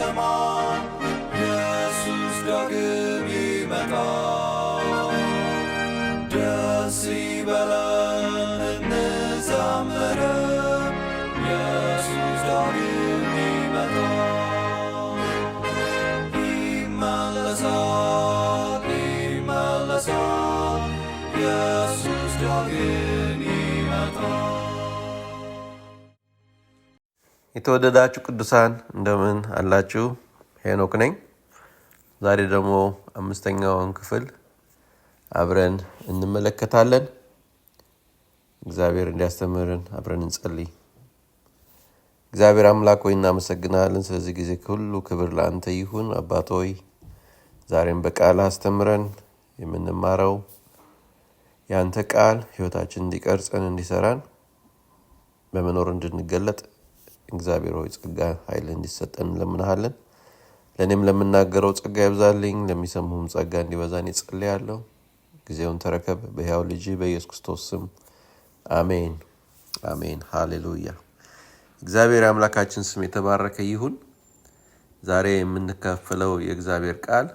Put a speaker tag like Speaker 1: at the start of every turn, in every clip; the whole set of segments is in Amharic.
Speaker 1: on. የተወደዳችሁ ቅዱሳን እንደምን አላችሁ? ሄኖክ ነኝ። ዛሬ ደግሞ አምስተኛውን ክፍል አብረን እንመለከታለን። እግዚአብሔር እንዲያስተምርን አብረን እንጸልይ። እግዚአብሔር አምላክ ሆይ እናመሰግናለን። ስለዚህ ጊዜ ሁሉ ክብር ለአንተ ይሁን። አባት ሆይ ዛሬም በቃል አስተምረን። የምንማረው የአንተ ቃል ህይወታችን እንዲቀርጸን እንዲሰራን በመኖር እንድንገለጥ እግዚአብሔር ሆይ ጸጋ ኃይል እንዲሰጠን እንለምናሃለን። ለእኔም ለምናገረው ጸጋ ይብዛልኝ፣ ለሚሰሙም ጸጋ እንዲበዛን ይጸልያለሁ። ጊዜውን ተረከብ። በሕያው ልጅ በኢየሱስ ክርስቶስ ስም አሜን፣ አሜን። ሃሌሉያ። እግዚአብሔር አምላካችን ስም የተባረከ ይሁን። ዛሬ የምንካፈለው የእግዚአብሔር ቃል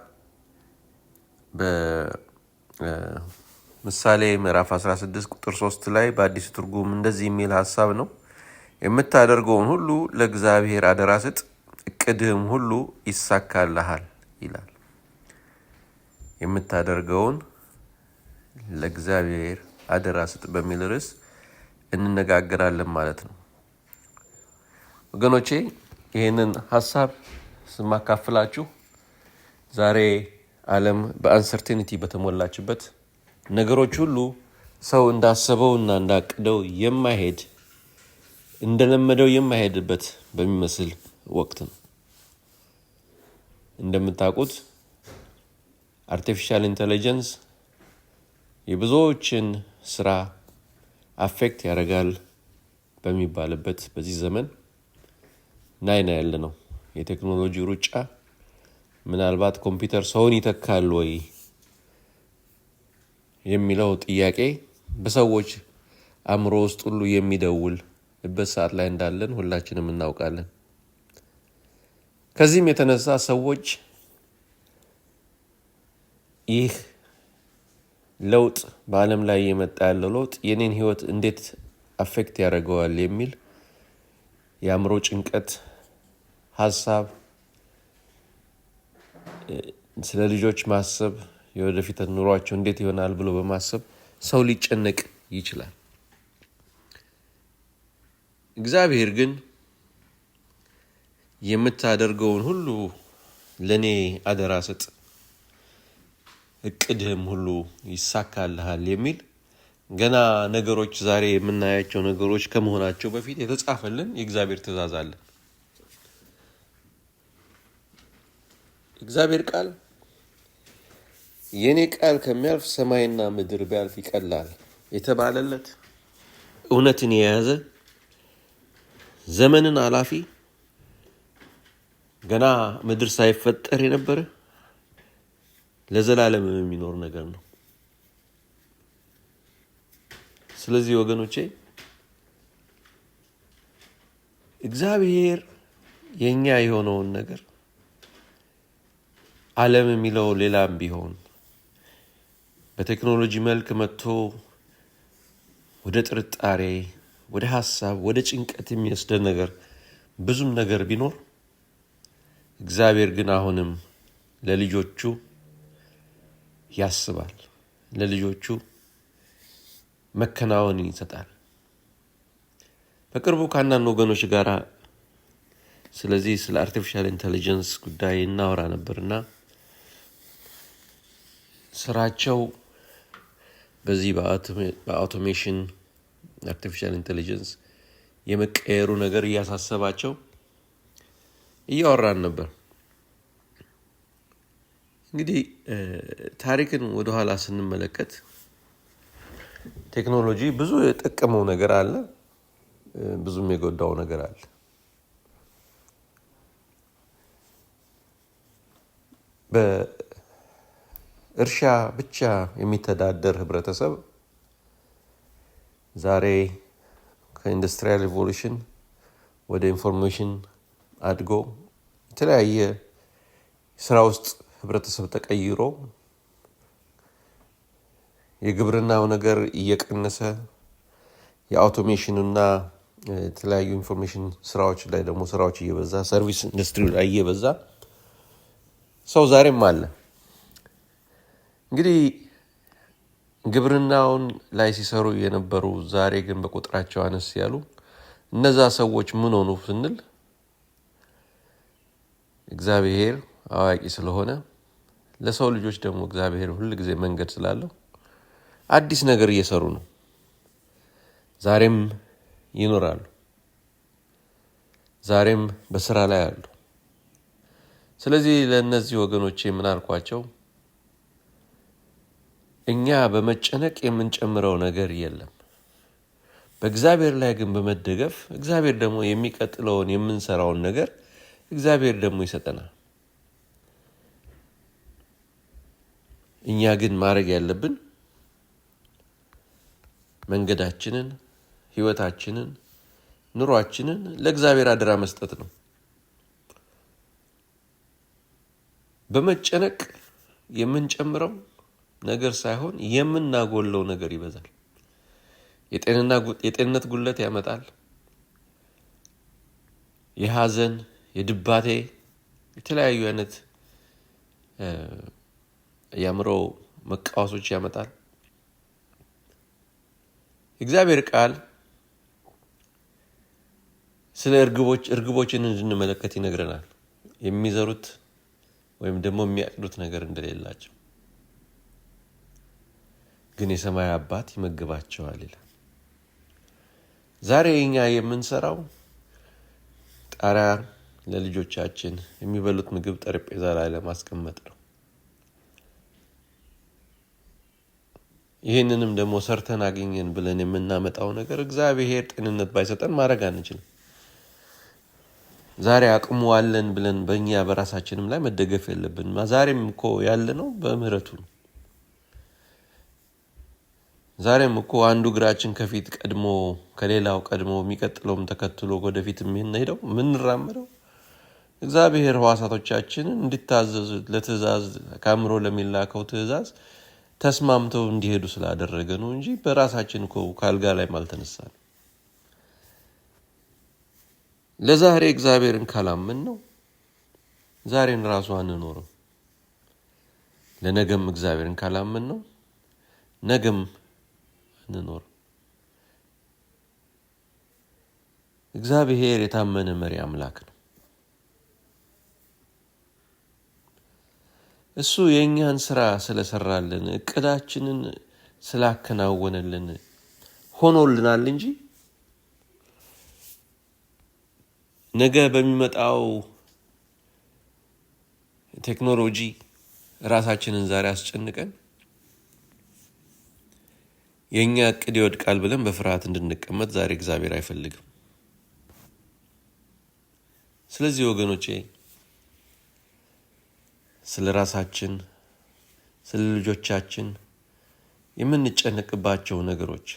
Speaker 1: በምሳሌ ምዕራፍ 16 ቁጥር 3 ላይ በአዲስ ትርጉም እንደዚህ የሚል ሀሳብ ነው። የምታደርገውን ሁሉ ለእግዚአብሔር አደራ ስጥ፣ እቅድህም ሁሉ ይሳካልሃል ይላል። የምታደርገውን ለእግዚአብሔር አደራ ስጥ በሚል ርዕስ እንነጋገራለን ማለት ነው። ወገኖቼ ይህንን ሀሳብ ስማካፍላችሁ ዛሬ ዓለም በአንሰርቴኒቲ በተሞላችበት ነገሮች ሁሉ ሰው እንዳሰበውና እንዳቅደው የማይሄድ እንደለመደው የማይሄድበት በሚመስል ወቅት ነው። እንደምታውቁት አርቲፊሻል ኢንቴሊጀንስ የብዙዎችን ስራ አፌክት ያደርጋል በሚባልበት በዚህ ዘመን ናይና ያለ ነው የቴክኖሎጂ ሩጫ። ምናልባት ኮምፒውተር ሰውን ይተካል ወይ የሚለው ጥያቄ በሰዎች አእምሮ ውስጥ ሁሉ የሚደውል በት ሰዓት ላይ እንዳለን ሁላችንም እናውቃለን። ከዚህም የተነሳ ሰዎች ይህ ለውጥ በዓለም ላይ የመጣ ያለው ለውጥ የኔን ህይወት እንዴት አፌክት ያደርገዋል የሚል የአእምሮ ጭንቀት ሀሳብ፣ ስለ ልጆች ማሰብ፣ የወደፊት ኑሯቸው እንዴት ይሆናል ብሎ በማሰብ ሰው ሊጨነቅ ይችላል። እግዚአብሔር ግን የምታደርገውን ሁሉ ለእኔ አደራ ስጥ፣ እቅድህም ሁሉ ይሳካልሃል የሚል ገና ነገሮች ዛሬ የምናያቸው ነገሮች ከመሆናቸው በፊት የተጻፈልን የእግዚአብሔር ትእዛዝ አለ። እግዚአብሔር ቃል የእኔ ቃል ከሚያልፍ ሰማይና ምድር ቢያልፍ ይቀላል የተባለለት እውነትን የያዘ ዘመንን አላፊ ገና ምድር ሳይፈጠር የነበረ ለዘላለም የሚኖር ነገር ነው። ስለዚህ ወገኖቼ እግዚአብሔር የእኛ የሆነውን ነገር አለም የሚለው ሌላም ቢሆን በቴክኖሎጂ መልክ መጥቶ ወደ ጥርጣሬ ወደ ሀሳብ፣ ወደ ጭንቀት የሚወስደን ነገር ብዙም ነገር ቢኖር እግዚአብሔር ግን አሁንም ለልጆቹ ያስባል፣ ለልጆቹ መከናወን ይሰጣል። በቅርቡ ከአንዳንድ ወገኖች ጋር ስለዚህ ስለ አርቲፊሻል ኢንቴሊጀንስ ጉዳይ እናወራ ነበርና ስራቸው በዚህ በአውቶሜሽን አርቲፊሻል ኢንቴሊጀንስ የመቀየሩ ነገር እያሳሰባቸው እያወራን ነበር። እንግዲህ ታሪክን ወደኋላ ስንመለከት ቴክኖሎጂ ብዙ የጠቀመው ነገር አለ፣ ብዙም የጎዳው ነገር አለ። በእርሻ ብቻ የሚተዳደር ህብረተሰብ ዛሬ ከኢንዱስትሪያል ሪቮሉሽን ወደ ኢንፎርሜሽን አድጎ የተለያየ ስራ ውስጥ ህብረተሰብ ተቀይሮ የግብርናው ነገር እየቀነሰ የአውቶሜሽንና የተለያዩ ኢንፎርሜሽን ስራዎች ላይ ደግሞ ስራዎች እየበዛ ሰርቪስ ኢንዱስትሪ ላይ እየበዛ ሰው ዛሬም አለ እንግዲህ ግብርናውን ላይ ሲሰሩ የነበሩ ዛሬ ግን በቁጥራቸው አነስ ያሉ እነዛ ሰዎች ምን ሆኑ ስንል እግዚአብሔር አዋቂ ስለሆነ ለሰው ልጆች ደግሞ እግዚአብሔር ሁል ጊዜ መንገድ ስላለው አዲስ ነገር እየሰሩ ነው። ዛሬም ይኖራሉ። ዛሬም በስራ ላይ አሉ። ስለዚህ ለእነዚህ ወገኖቼ የምናልኳቸው እኛ በመጨነቅ የምንጨምረው ነገር የለም። በእግዚአብሔር ላይ ግን በመደገፍ እግዚአብሔር ደግሞ የሚቀጥለውን የምንሰራውን ነገር እግዚአብሔር ደግሞ ይሰጠናል። እኛ ግን ማድረግ ያለብን መንገዳችንን፣ ህይወታችንን፣ ኑሯችንን ለእግዚአብሔር አደራ መስጠት ነው። በመጨነቅ የምንጨምረው ነገር ሳይሆን የምናጎለው ነገር ይበዛል። የጤንነት ጉለት ያመጣል። የሐዘን፣ የድባቴ የተለያዩ አይነት የአእምሮ መቃወሶች ያመጣል። እግዚአብሔር ቃል ስለ እርግቦች እርግቦችን እንድንመለከት ይነግረናል። የሚዘሩት ወይም ደግሞ የሚያጭዱት ነገር እንደሌላቸው ግን የሰማይ አባት ይመግባቸዋል ይላል። ዛሬ እኛ የምንሰራው ጣሪያ ለልጆቻችን የሚበሉት ምግብ ጠረጴዛ ላይ ለማስቀመጥ ነው። ይህንንም ደግሞ ሰርተን አገኘን ብለን የምናመጣው ነገር እግዚአብሔር ጤንነት ባይሰጠን ማድረግ አንችልም። ዛሬ አቅሙ አለን ብለን በእኛ በራሳችንም ላይ መደገፍ የለብን። ዛሬም እኮ ያለ ነው በምህረቱ ነው። ዛሬም እኮ አንዱ እግራችን ከፊት ቀድሞ ከሌላው ቀድሞ የሚቀጥለውም ተከትሎ ወደፊት የምንሄደው የምንራመደው እግዚአብሔር ህዋሳቶቻችን እንዲታዘዙ ለትእዛዝ ከአእምሮ ለሚላከው ትእዛዝ ተስማምተው እንዲሄዱ ስላደረገ ነው እንጂ በራሳችን እኮ ካልጋ ላይ አልተነሳ ለዛሬ እግዚአብሔርን ካላምን ነው ዛሬን ራሱ አንኖርም። ለነገም እግዚአብሔርን ካላምን ነው ነገም እንኖር። እግዚአብሔር የታመነ መሪ አምላክ ነው። እሱ የእኛን ስራ ስለሰራልን እቅዳችንን ስላከናወነልን ሆኖልናል እንጂ ነገ በሚመጣው ቴክኖሎጂ ራሳችንን ዛሬ አስጨንቀን የእኛ ዕቅድ ይወድቃል ብለን በፍርሃት እንድንቀመጥ ዛሬ እግዚአብሔር አይፈልግም። ስለዚህ ወገኖቼ ስለ ራሳችን፣ ስለ ልጆቻችን የምንጨነቅባቸው ነገሮች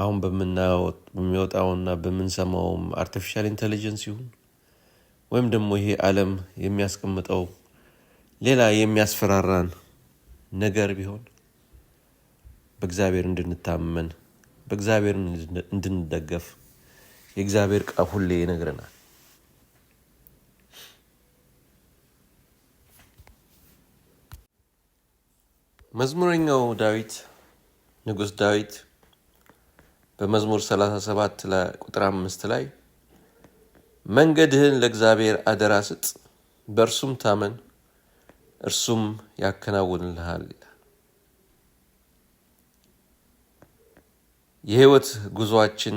Speaker 1: አሁን በሚወጣውና በምንሰማውም አርቲፊሻል ኢንቴሊጀንስ ይሁን ወይም ደግሞ ይሄ ዓለም የሚያስቀምጠው ሌላ የሚያስፈራራን ነገር ቢሆን በእግዚአብሔር እንድንታመን በእግዚአብሔር እንድንደገፍ የእግዚአብሔር ቃል ሁሌ ይነግረናል። መዝሙረኛው ዳዊት ንጉስ ዳዊት በመዝሙር 37 ቁጥር አምስት ላይ መንገድህን ለእግዚአብሔር አደራ ስጥ፣ በእርሱም ታመን፣ እርሱም ያከናውንልሃል ይላል። የህይወት ጉዞአችን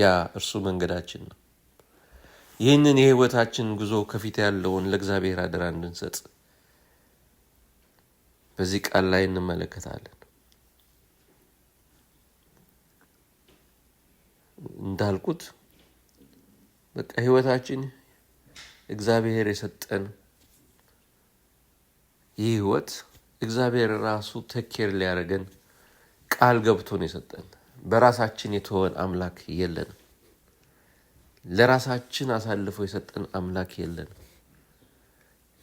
Speaker 1: ያ እርሱ መንገዳችን ነው። ይህንን የህይወታችን ጉዞ ከፊት ያለውን ለእግዚአብሔር አደራ እንድንሰጥ በዚህ ቃል ላይ እንመለከታለን። እንዳልኩት በቃ ህይወታችን እግዚአብሔር የሰጠን ይህ ህይወት እግዚአብሔር ራሱ ተኬር ሊያደረገን ቃል ገብቶን የሰጠን በራሳችን የተወን አምላክ የለንም። ለራሳችን አሳልፎ የሰጠን አምላክ የለንም።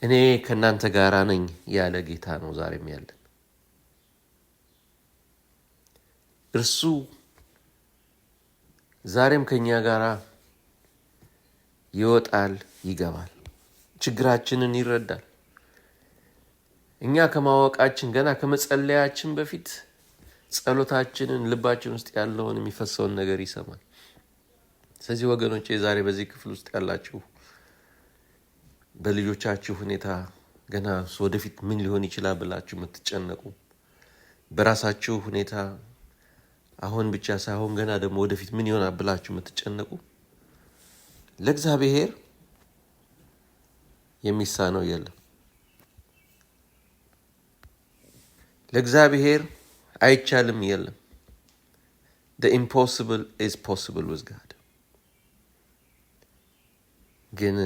Speaker 1: እኔ ከእናንተ ጋር ነኝ ያለ ጌታ ነው ዛሬም ያለን። እርሱ ዛሬም ከእኛ ጋር ይወጣል፣ ይገባል፣ ችግራችንን ይረዳል። እኛ ከማወቃችን ገና ከመጸለያችን በፊት ጸሎታችንን ልባችን ውስጥ ያለውን የሚፈሰውን ነገር ይሰማል። ስለዚህ ወገኖቼ ዛሬ በዚህ ክፍል ውስጥ ያላችሁ በልጆቻችሁ ሁኔታ ገና ወደፊት ምን ሊሆን ይችላል ብላችሁ የምትጨነቁ በራሳችሁ ሁኔታ አሁን ብቻ ሳይሆን ገና ደግሞ ወደፊት ምን ይሆናል ብላችሁ የምትጨነቁ ለእግዚአብሔር የሚሳነው የለም። ለእግዚአብሔር አይቻልም የለም። ኢምፖስብል ኢዝ ፖስብል ውዝ ጋድ። ግን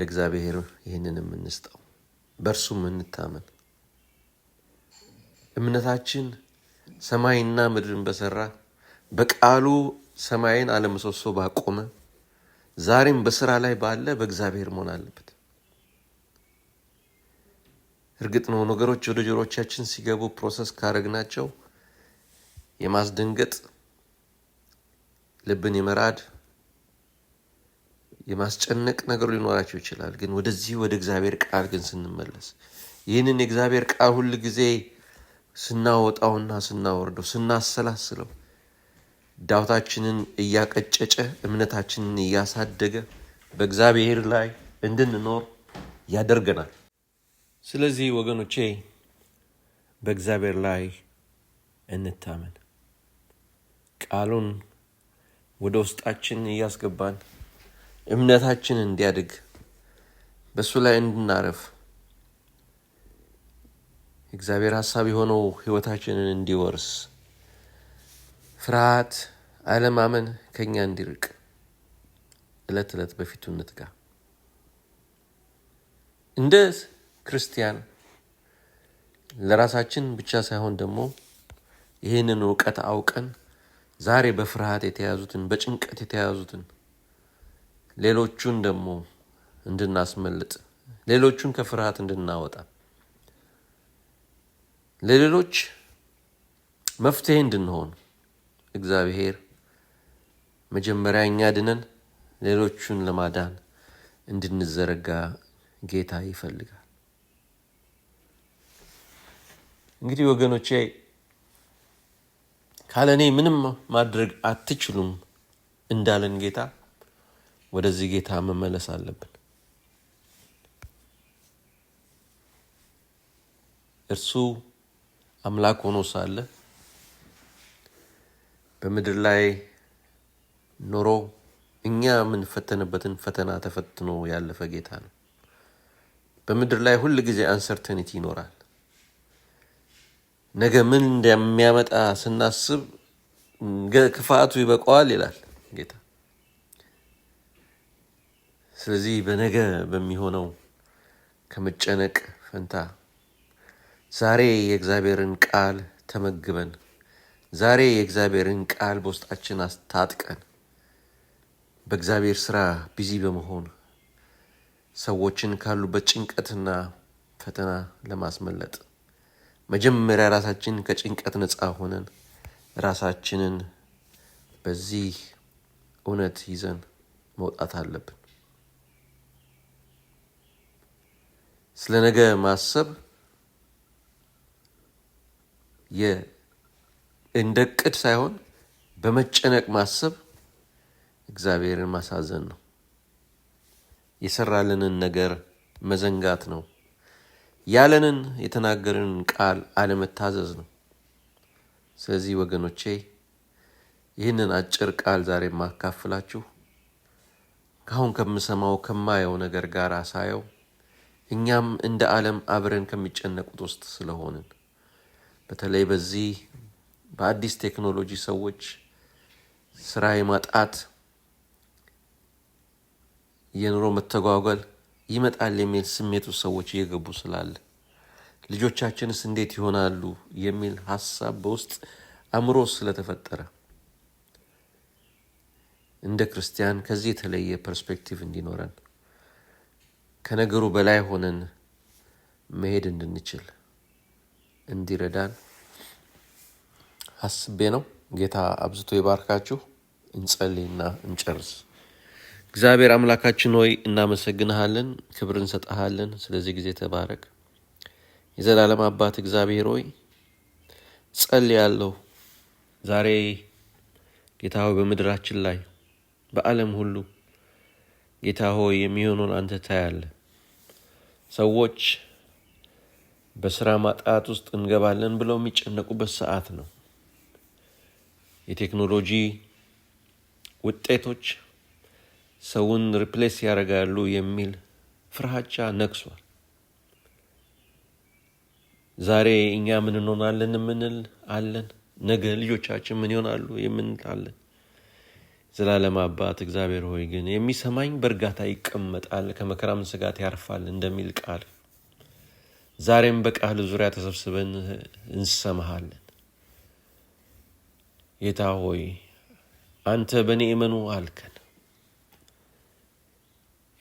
Speaker 1: ለእግዚአብሔር ይህንን የምንስጠው በእርሱ የምንታመን እምነታችን ሰማይና ምድርን በሰራ በቃሉ ሰማይን አለመሰሶ ባቆመ ዛሬም በስራ ላይ ባለ በእግዚአብሔር መሆን አለበት። እርግጥ ነው ነገሮች ወደ ጆሮቻችን ሲገቡ ፕሮሰስ ካረግናቸው የማስደንገጥ ልብን የመራድ የማስጨነቅ ነገር ሊኖራቸው ይችላል። ግን ወደዚህ ወደ እግዚአብሔር ቃል ግን ስንመለስ ይህንን የእግዚአብሔር ቃል ሁል ጊዜ ስናወጣውና ስናወርደው ስናሰላስለው ዳውታችንን እያቀጨጨ እምነታችንን እያሳደገ በእግዚአብሔር ላይ እንድንኖር ያደርገናል። ስለዚህ ወገኖቼ በእግዚአብሔር ላይ እንታመን። ቃሉን ወደ ውስጣችን እያስገባን እምነታችን እንዲያድግ በእሱ ላይ እንድናረፍ እግዚአብሔር ሀሳብ የሆነው ህይወታችንን እንዲወርስ ፍርሃት፣ አለማመን ከኛ እንዲርቅ እለት እለት በፊቱ እንትጋ እንደ ክርስቲያን ለራሳችን ብቻ ሳይሆን ደግሞ ይህንን እውቀት አውቀን ዛሬ በፍርሃት የተያዙትን በጭንቀት የተያዙትን ሌሎቹን ደግሞ እንድናስመልጥ ሌሎቹን ከፍርሃት እንድናወጣ ለሌሎች መፍትሄ እንድንሆን እግዚአብሔር መጀመሪያ እኛ ድነን ሌሎቹን ለማዳን እንድንዘረጋ ጌታ ይፈልጋል። እንግዲህ ወገኖቼ ካለ እኔ ምንም ማድረግ አትችሉም እንዳለን ጌታ ወደዚህ ጌታ መመለስ አለብን። እርሱ አምላክ ሆኖ ሳለ በምድር ላይ ኖሮ እኛ የምንፈተንበትን ፈተና ተፈትኖ ያለፈ ጌታ ነው። በምድር ላይ ሁል ጊዜ አንሰርተኒቲ ይኖራል። ነገ ምን እንደሚያመጣ ስናስብ ክፋቱ ይበቀዋል ይላል ጌታ። ስለዚህ በነገ በሚሆነው ከመጨነቅ ፈንታ ዛሬ የእግዚአብሔርን ቃል ተመግበን ዛሬ የእግዚአብሔርን ቃል በውስጣችን አስታጥቀን በእግዚአብሔር ስራ ቢዚ በመሆን ሰዎችን ካሉበት ጭንቀትና ፈተና ለማስመለጥ መጀመሪያ ራሳችን ከጭንቀት ነፃ ሆነን ራሳችንን በዚህ እውነት ይዘን መውጣት አለብን። ስለ ነገ ማሰብ እንደ ቅድ ሳይሆን በመጨነቅ ማሰብ እግዚአብሔርን ማሳዘን ነው። የሰራልንን ነገር መዘንጋት ነው። ያለንን የተናገረንን ቃል አለመታዘዝ ነው። ስለዚህ ወገኖቼ ይህንን አጭር ቃል ዛሬ የማካፍላችሁ ካሁን ከምሰማው ከማየው ነገር ጋር ሳየው እኛም እንደ ዓለም አብረን ከሚጨነቁት ውስጥ ስለሆንን በተለይ በዚህ በአዲስ ቴክኖሎጂ ሰዎች ስራ የማጣት የኑሮ መተጓጓል ይመጣል የሚል ስሜት ውስጥ ሰዎች እየገቡ ስላለ ልጆቻችንስ እንዴት ይሆናሉ የሚል ሀሳብ በውስጥ አእምሮ ስለተፈጠረ እንደ ክርስቲያን ከዚህ የተለየ ፐርስፔክቲቭ እንዲኖረን ከነገሩ በላይ ሆነን መሄድ እንድንችል እንዲረዳን አስቤ ነው። ጌታ አብዝቶ ይባርካችሁ። እንጸልይና እንጨርስ። እግዚአብሔር አምላካችን ሆይ እናመሰግንሃለን፣ ክብር እንሰጠሃለን። ስለዚህ ጊዜ ተባረክ። የዘላለም አባት እግዚአብሔር ሆይ ጸልያለሁ። ዛሬ ጌታ ሆይ በምድራችን ላይ በዓለም ሁሉ ጌታ ሆይ የሚሆኑን አንተ ታያለ። ሰዎች በስራ ማጣት ውስጥ እንገባለን ብለው የሚጨነቁበት ሰዓት ነው። የቴክኖሎጂ ውጤቶች ሰውን ሪፕሌስ ያደርጋሉ የሚል ፍርሃቻ ነግሷል። ዛሬ እኛ ምን እንሆናለን የምንል አለን። ነገ ልጆቻችን ምን ይሆናሉ የምንል አለን። ዘላለም አባት እግዚአብሔር ሆይ ግን የሚሰማኝ በእርጋታ ይቀመጣል፣ ከመከራም ስጋት ያርፋል እንደሚል ቃል ዛሬም በቃል ዙሪያ ተሰብስበን እንሰማሃለን። ጌታ ሆይ አንተ በእኔ እመኑ አልከን።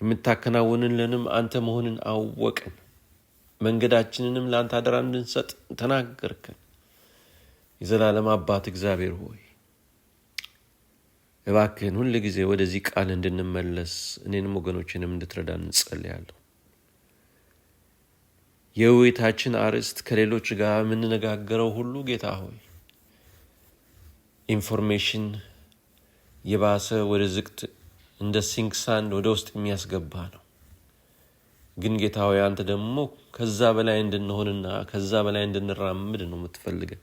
Speaker 1: የምታከናውንልንም አንተ መሆንን አወቅን። መንገዳችንንም ለአንተ አደራ እንድንሰጥ ተናገርከን። የዘላለም አባት እግዚአብሔር ሆይ እባክህን ሁል ጊዜ ወደዚህ ቃል እንድንመለስ እኔንም ወገኖችንም እንድትረዳ እንጸልያለሁ። የውይይታችን አርዕስት ከሌሎች ጋር የምንነጋገረው ሁሉ ጌታ ሆይ ኢንፎርሜሽን የባሰ ወደ ዝቅት እንደ ሲንክ ሳንድ ወደ ውስጥ የሚያስገባ ነው። ግን ጌታ ሆይ አንተ ደግሞ ከዛ በላይ እንድንሆንና ከዛ በላይ እንድንራምድ ነው የምትፈልገን።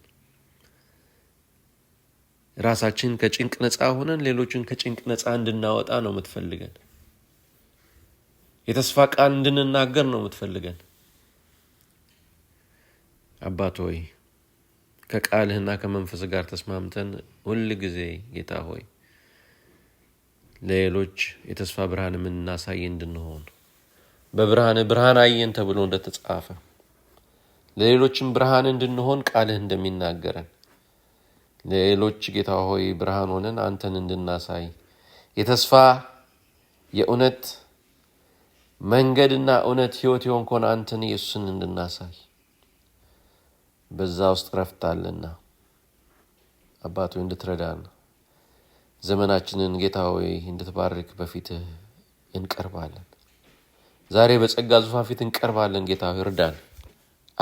Speaker 1: ራሳችን ከጭንቅ ነፃ ሆነን ሌሎችን ከጭንቅ ነፃ እንድናወጣ ነው የምትፈልገን። የተስፋ ቃል እንድንናገር ነው የምትፈልገን። አባት ሆይ ከቃልህና ከመንፈስ ጋር ተስማምተን ሁል ጊዜ ጌታ ሆይ ለሌሎች የተስፋ ብርሃን የምናሳይ እንድንሆን በብርሃን ብርሃን አየን ተብሎ እንደተጻፈ ለሌሎችም ብርሃን እንድንሆን ቃልህ እንደሚናገረን ለሌሎች ጌታ ሆይ ብርሃን ሆነን አንተን እንድናሳይ የተስፋ የእውነት መንገድና እውነት ህይወት የሆንኮን አንተን ኢየሱስን እንድናሳይ በዛ ውስጥ ረፍታለና እንድትረዳ እንድትረዳን ዘመናችንን ጌታ ሆይ እንድትባርክ በፊትህ እንቀርባለን። ዛሬ በጸጋ ዙፋን ፊት እንቀርባለን። ጌታ ሆይ እርዳን፣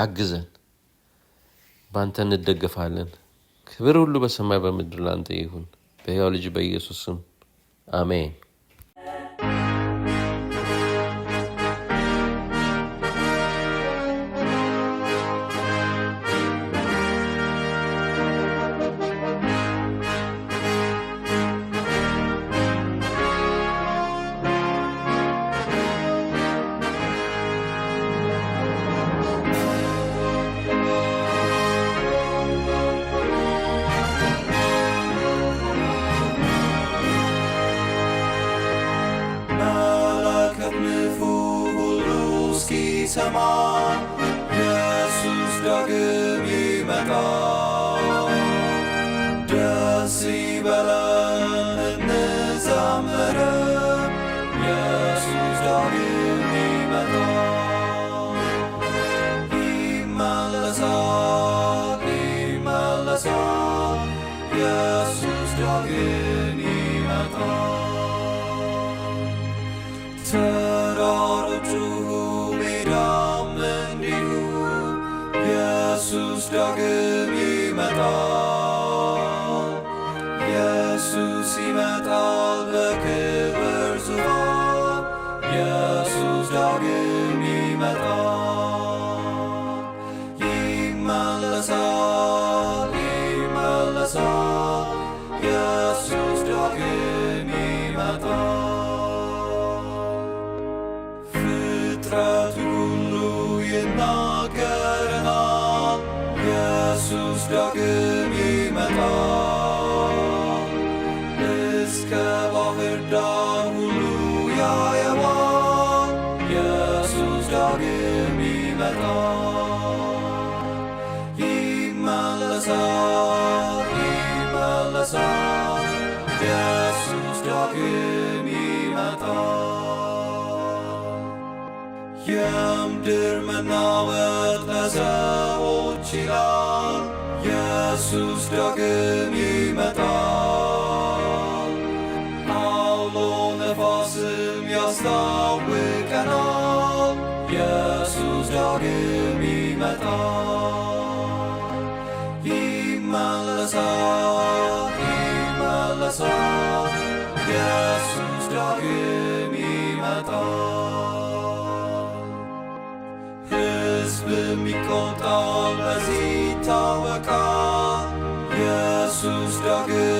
Speaker 1: አግዘን። በአንተ እንደገፋለን። ክብር ሁሉ በሰማይ በምድር ላንተ ይሁን። በሕያው ልጅ በኢየሱስ ስም አሜን። come on. የሚመጣ ይመለሳል፣ ይመለሳል ኢየሱስ ዳግም ይመለሳ ይመለሳ ኢየሱስ ዳግም ይመጣል። ሕዝብ የሚቆጣው በዚህ ይታወቃል። ኢየሱስ ዳግም